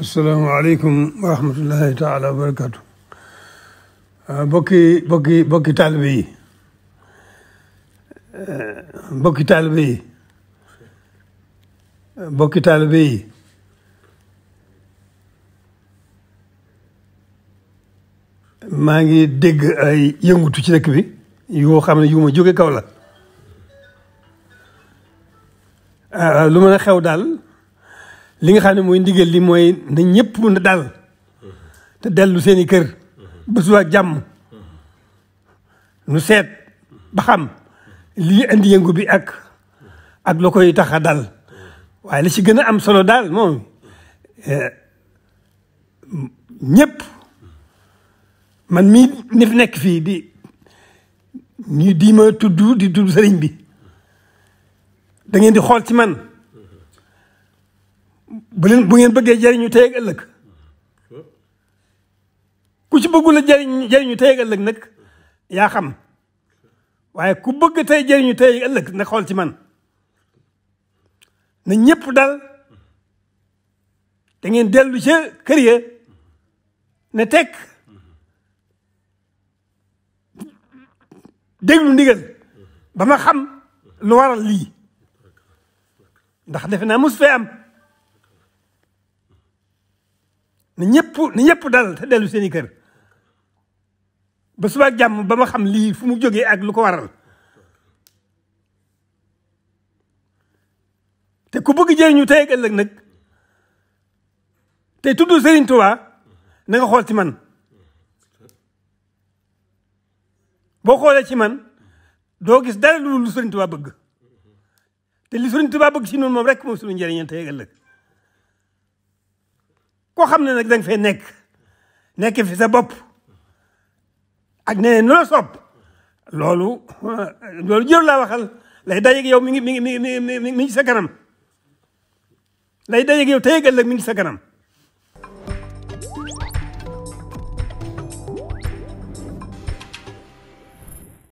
asalaamaaleykum wa rahmatullahi taala wa barakaatu ah, bokki bokki bokki taalibe eh, bokki taalibe eh, maa ngi dégg ay yëngutu ci dëkk bi yoo xam ne yu ma jóge kaw la ah, lu mën a xew daal li nga xam ne mooy ndigal li mooy na ñëpp na dal te dellu seeni kër ba suba jàmm nu seet baxam xam lii indi yëngu bi ak ak la tax a dal waaye li ci gën a am solo daal moom eh, ñépp man mii ni fi nekk fii di ñu di ma tudd di tudd sëriñ bi da ngeen di xool ci man bu leen bu ngeen bëggee jariñu tey ëllëg ku ci bëggula jariñ jariñu tey ak ëllëg nag yaa xam waaye ku bëgg tey jariñu tey ak ëllëg na xool ci man na ñépp dal da ngeen dellu ca kër ya ne tekk déglu ndigal ba ma xam lu waral lii ndax defe naa mos fee am na ñëpp na ñëpp dal te dellu seen i kër ba suba jàmm ba ma xam lii fu mu jógee ak lu ko waral te ku bëgg jëriñu tey ak ëllëg nag te tudd Serigne Touba na xool ci man boo xoolee ci man doo gis dara lu Serigne Touba bëgg te li Serigne Touba bëgg ci noonu moom rek moom suñu njëriñal tey ak ëllëg koo xam ne nag danga fee nekk nekk fi sa bopp ak ne nu la loolu loolu jër laa waxal lay dajeeg yow mi ngi mi ngi mi ngi mi ngi sa kanam lay dajeeg yow tey ëllëg mi ngi sa kanam